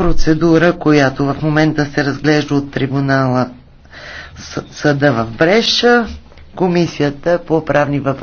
процедура, която в момента се разглежда от трибунала съда в Бреша, Комисията по правни въпроси